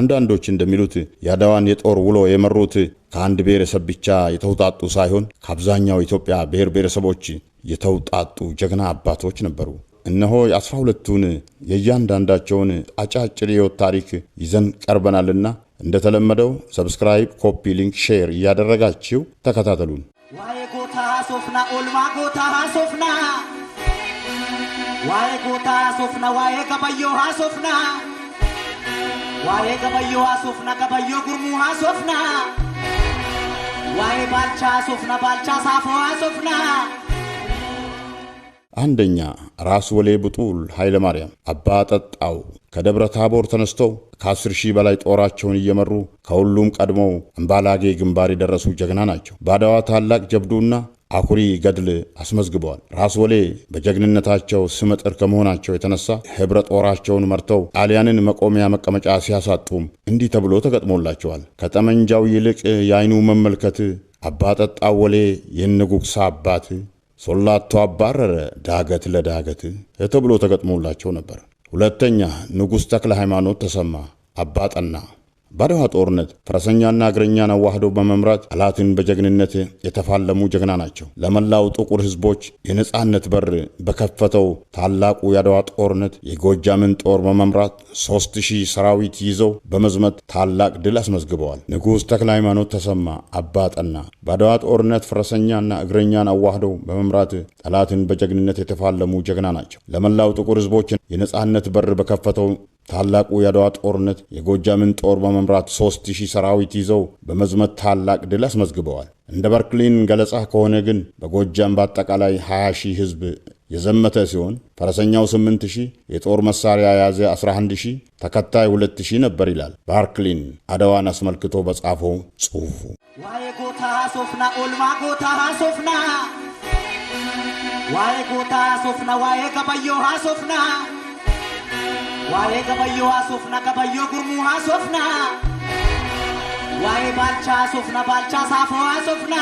አንዳንዶች እንደሚሉት የአድዋን የጦር ውሎ የመሩት ከአንድ ብሔረሰብ ብቻ የተውጣጡ ሳይሆን ከአብዛኛው ኢትዮጵያ ብሔር ብሔረሰቦች የተውጣጡ ጀግና አባቶች ነበሩ። እነሆ የአስራ ሁለቱን የእያንዳንዳቸውን አጫጭር የሕይወት ታሪክ ይዘን ቀርበናልና እንደተለመደው ሰብስክራይብ፣ ኮፒ፣ ሊንክ፣ ሼር እያደረጋችሁ ተከታተሉን። ዋይ ጎታ ሶፍና ኦልማ ጎታ ሶፍና ዋይ ጎታ ሶፍና ዋይ ሶፍና ዋዬ ገበዮ አሶፍና ገበዮ ጉርሙ አሶፍና ዋዬ ባልቻ አሶፍና ባልቻ ሳፎ አሶፍና አንደኛ ራስ ወሌ ብጡል ኃይለ ማርያም አባ ጠጣው ከደብረ ታቦር ተነስተው ከአስር ሺህ በላይ ጦራቸውን እየመሩ ከሁሉም ቀድሞው አምባላጌ ግንባር የደረሱ ጀግና ናቸው። ባድዋ ታላቅ ጀብዱና አኩሪ ገድል አስመዝግበዋል። ራስ ወሌ በጀግንነታቸው ስመጥር ከመሆናቸው የተነሳ ኅብረ ጦራቸውን መርተው ጣሊያንን መቆሚያ መቀመጫ ሲያሳጡም እንዲህ ተብሎ ተገጥሞላቸዋል። ከጠመንጃው ይልቅ የአይኑ መመልከት አባጠጣ ወሌ የንጉግሳ አባት ሶላቶ አባረረ ዳገት ለዳገት ተብሎ ተገጥሞላቸው ነበር። ሁለተኛ ንጉሥ ተክለ ሃይማኖት ተሰማ አባጠና በአድዋ ጦርነት ፈረሰኛና እግረኛን አዋህዶ በመምራት ጠላትን በጀግንነት የተፋለሙ ጀግና ናቸው። ለመላው ጥቁር ሕዝቦች የነፃነት በር በከፈተው ታላቁ የአድዋ ጦርነት የጎጃምን ጦር በመምራት ሦስት ሺህ ሰራዊት ይዘው በመዝመት ታላቅ ድል አስመዝግበዋል። ንጉሥ ተክለ ሃይማኖት ተሰማ አባጠና በአድዋ ጦርነት ፈረሰኛና እግረኛን አዋህዶ በመምራት ጠላትን በጀግንነት የተፋለሙ ጀግና ናቸው። ለመላው ጥቁር ሕዝቦች የነፃነት በር በከፈተው ታላቁ የአድዋ ጦርነት የጎጃምን ጦር በመምራት ሦስት ሺህ ሰራዊት ይዘው በመዝመት ታላቅ ድል አስመዝግበዋል። እንደ በርክሊን ገለጻ ከሆነ ግን በጎጃም በአጠቃላይ 20 ሺህ ሕዝብ የዘመተ ሲሆን ፈረሰኛው 8 ሺህ፣ የጦር መሳሪያ የያዘ 11 ሺህ፣ ተከታይ 2 ሺህ ነበር ይላል ባርክሊን አድዋን አስመልክቶ በጻፈው ጽሑፉ። ዋይ ጎታ ሶፍና ኦልማ ጎታ ሶፍና ዋይ ጎታ ሶፍና ዋይ ገበዮ ሃሶፍና ዋዬ ቀበዮ ሀሶፍና ቀበዮ ጉርሙ ሀሶፍና ዋዬ ባልቻ ሀሶፍና ባልቻ ሳፎ ሀሶፍና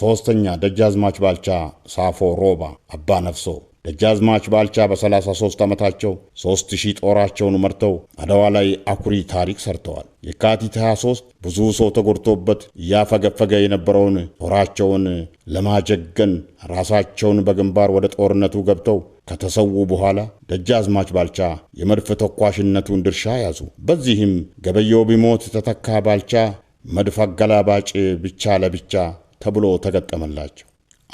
ሶስተኛ ደጃዝማች ባልቻ ሳፎ ሮባ አባ ነፍሶ ደጃዝማች ባልቻ በ33 ዓመታቸው 3000 ጦራቸውን መርተው አደዋ ላይ አኩሪ ታሪክ ሰርተዋል። የካቲት 23 ብዙ ሰው ተጎድቶበት እያፈገፈገ የነበረውን ጦራቸውን ለማጀገን ራሳቸውን በግንባር ወደ ጦርነቱ ገብተው ከተሰዉ በኋላ ደጃዝማች ባልቻ የመድፍ ተኳሽነቱን ድርሻ ያዙ። በዚህም ገበየው ቢሞት ተተካ ባልቻ መድፍ አገላባጭ ብቻ ለብቻ ተብሎ ተገጠመላቸው።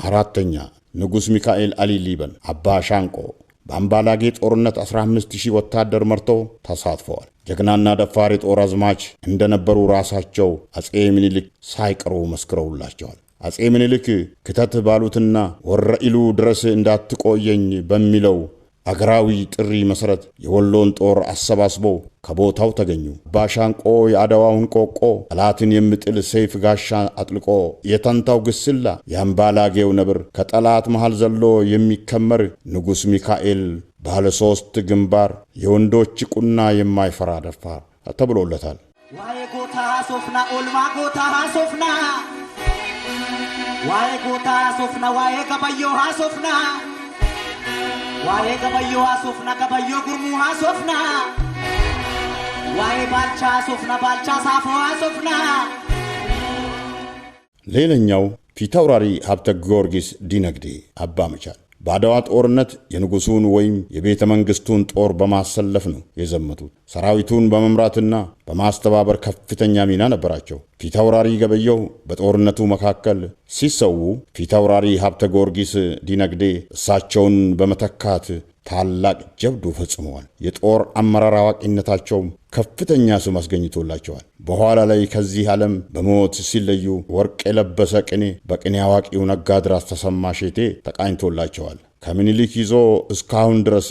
አራተኛ ንጉሥ ሚካኤል አሊ ሊበን አባ ሻንቆ በአምባላጌ ጦርነት 15000 ወታደር መርቶ ተሳትፈዋል። ጀግናና ደፋሪ ጦር አዝማች እንደነበሩ ራሳቸው አጼ ምኒልክ ሳይቀሩ መስክረውላቸዋል። አጼ ምኒልክ ክተት ባሉትና ወረኢሉ ድረስ እንዳትቆየኝ በሚለው አገራዊ ጥሪ መሠረት የወሎን ጦር አሰባስቦ ከቦታው ተገኙ። ባሻንቆ የአደዋውን ቆቆ ጠላትን የሚጥል ሰይፍ ጋሻ አጥልቆ የተንታው ግስላ የአምባላጌው ነብር ከጠላት መሃል ዘሎ የሚከመር ንጉሥ ሚካኤል ባለ ሦስት ግንባር የወንዶች ቁና የማይፈራ ደፋር ተብሎለታል። ዋይ ጎታ ሶፍና ኦልማ ጎታ ሶፍና waa'ee guutaa haasofna waa'ee gabayyoo haasofna waa'ee gabayyoo haasofna gabayyoo gurmuu haasofna waa'ee ባልቻ haasofna ባልቻ ሳፎ haasofna ሌላኛው ፊታውራሪ ሀብተ ጊዮርጊስ ዲነግዴ አባ መቻል በአድዋ ጦርነት የንጉሡን ወይም የቤተ መንግሥቱን ጦር በማሰለፍ ነው የዘመቱት። ሰራዊቱን በመምራትና በማስተባበር ከፍተኛ ሚና ነበራቸው። ፊታውራሪ ገበየው በጦርነቱ መካከል ሲሰዉ፣ ፊታውራሪ ሀብተ ጊዮርጊስ ዲነግዴ እሳቸውን በመተካት ታላቅ ጀብዱ ፈጽመዋል። የጦር አመራር አዋቂነታቸውም ከፍተኛ ስም አስገኝቶላቸዋል። በኋላ ላይ ከዚህ ዓለም በሞት ሲለዩ ወርቅ የለበሰ ቅኔ በቅኔ አዋቂው ነጋድራስ ተሰማ ሼቴ ተቃኝቶላቸዋል። ከምኒልክ ይዞ እስካሁን ድረስ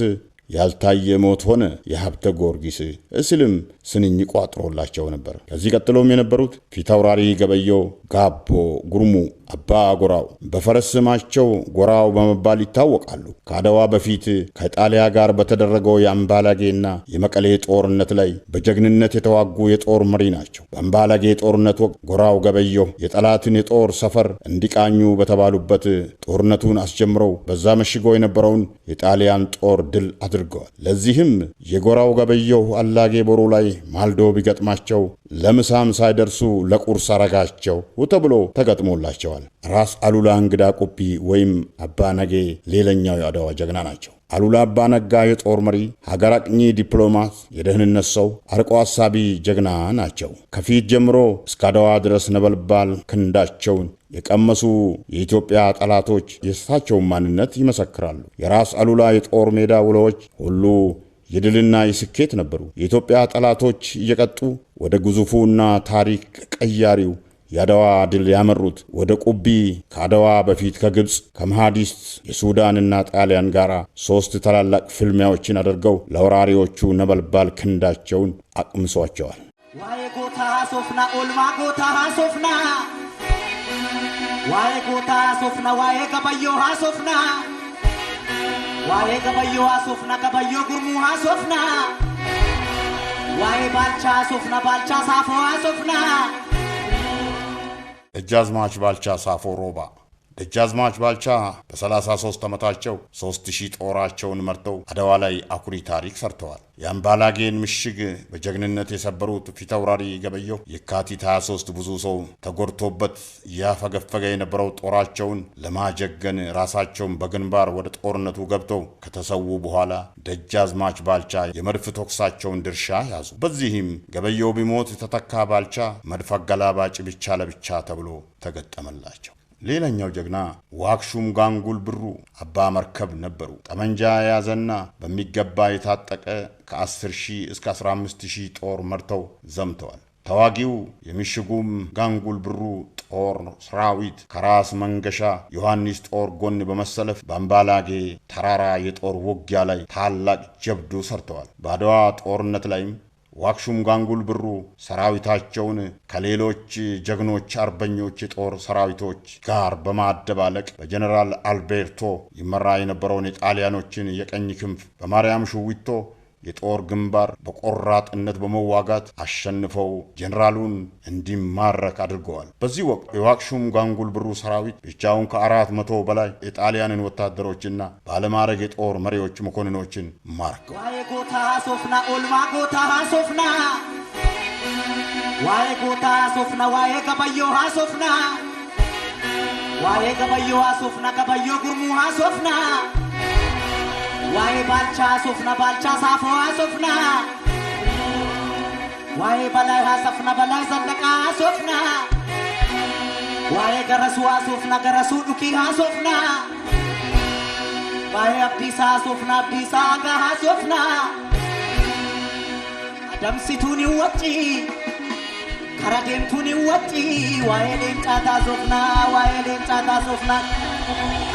ያልታየ ሞት ሆነ የሀብተ ጊዮርጊስ እስልም ስንኝ ቋጥሮላቸው ነበር። ከዚህ ቀጥሎም የነበሩት ፊታውራሪ ገበየው ጋቦ ጉርሙ አባ ጎራው በፈረስ ስማቸው ጎራው በመባል ይታወቃሉ። ከአደዋ በፊት ከጣሊያ ጋር በተደረገው የአምባላጌና የመቀሌ ጦርነት ላይ በጀግንነት የተዋጉ የጦር መሪ ናቸው። በአምባላጌ ጦርነት ወቅት ጎራው ገበየሁ የጠላትን የጦር ሰፈር እንዲቃኙ በተባሉበት ጦርነቱን አስጀምረው በዛ መሽጎ የነበረውን የጣሊያን ጦር ድል አድርገዋል። ለዚህም የጎራው ገበየሁ አላጌ ቦሩ ላይ ማልዶ ቢገጥማቸው ለምሳም ሳይደርሱ ለቁርስ አረጋቸው ተብሎ ተገጥሞላቸዋል። ተናግረዋል። ራስ አሉላ እንግዳ ቁፒ ወይም አባ ነጌ ሌላኛው የአድዋ ጀግና ናቸው። አሉላ አባ ነጋ የጦር መሪ፣ ሀገር አቅኚ፣ ዲፕሎማት፣ የደህንነት ሰው፣ አርቆ ሀሳቢ ጀግና ናቸው። ከፊት ጀምሮ እስከ አድዋ ድረስ ነበልባል ክንዳቸውን የቀመሱ የኢትዮጵያ ጠላቶች የእሳቸውን ማንነት ይመሰክራሉ። የራስ አሉላ የጦር ሜዳ ውሎዎች ሁሉ የድልና የስኬት ነበሩ። የኢትዮጵያ ጠላቶች እየቀጡ ወደ ግዙፉና ታሪክ ቀያሪው የአድዋ ድል ያመሩት ወደ ቁቢ ከአደዋ በፊት ከግብፅ ከመሃዲስት የሱዳንና ጣሊያን ጋር ሦስት ታላላቅ ፍልሚያዎችን አድርገው ለወራሪዎቹ ነበልባል ክንዳቸውን አቅምሷቸዋል። ዋይ ጎታ ሶፍና ኦልማ ጎታ ሶፍና ዋይ ጎታ ሶፍና ዋይ ገበዮ ሶፍና ዋይ ገበዮ ሶፍና ገበዮ ጉርሙ ሶፍና ዋይ ባልቻ ሶፍና ባልቻ ሳፎ ሶፍና እጃዝማች ባልቻ ሳፎ ሮባ ደጃዝማች ባልቻ በ33 ዓመታቸው 3000 ጦራቸውን መርተው አደዋ ላይ አኩሪ ታሪክ ሰርተዋል። የአምባላጌን ምሽግ በጀግንነት የሰበሩት ፊታውራሪ ገበየው የካቲት 23 ብዙ ሰው ተጎድቶበት እያፈገፈገ የነበረው ጦራቸውን ለማጀገን ራሳቸውን በግንባር ወደ ጦርነቱ ገብተው ከተሰዉ በኋላ ደጃዝማች ባልቻ የመድፍ ተኩሳቸውን ድርሻ ያዙ። በዚህም ገበየው ቢሞት የተተካ ባልቻ መድፍ አገላባጭ ብቻ ለብቻ ተብሎ ተገጠመላቸው። ሌላኛው ጀግና ዋክሹም ጋንጉል ብሩ አባ መርከብ ነበሩ። ጠመንጃ የያዘና በሚገባ የታጠቀ ከ10 ሺህ እስከ 15 ሺህ ጦር መርተው ዘምተዋል። ተዋጊው የሚሽጉም ጋንጉል ብሩ ጦር ሰራዊት ከራስ መንገሻ ዮሐንስ ጦር ጎን በመሰለፍ በአምባላጌ ተራራ የጦር ውጊያ ላይ ታላቅ ጀብዱ ሰርተዋል። በአድዋ ጦርነት ላይም ዋክሹም ጋንጉል ብሩ ሰራዊታቸውን ከሌሎች ጀግኖች አርበኞች የጦር ሰራዊቶች ጋር በማደባለቅ በጀኔራል አልቤርቶ ይመራ የነበረውን የጣሊያኖችን የቀኝ ክንፍ በማርያም ሹዊቶ የጦር ግንባር በቆራጥነት በመዋጋት አሸንፈው ጄኔራሉን እንዲማረክ አድርገዋል። በዚህ ወቅት የዋቅሹም ጋንጉል ብሩ ሰራዊት ብቻውን ከአራት መቶ በላይ የጣሊያንን ወታደሮችና ባለማዕረግ የጦር መሪዎች መኮንኖችን ማርከው። ዋይ ጎታ ሶፍና ኦልማ ጎታ ዋይ ጎታ ሶፍና ዋይ ገበዮ ሶፍና ዋይ ገበዮ ሶፍና ገበዮ ጉርሙ ሶፍና ዋይ ባልቻ ሶፍና ባልቻ ሳፎዋ ሶፍና ዋይ በላይ ሀሰፍና በላይ ዘለቃ ሶፍና ዋይ ገረሱ ሶፍና ገረሱ ዱኪ ሶፍና ዋይ አብዲሳ ሶፍና አብዲሳ ጋ ሶፍና ደምሲቱን ይወጪ ከረዴምቱን ይወጪ ዋይ ሌንጫታ ሶፍና ዋይ ሌንጫታ ሶፍና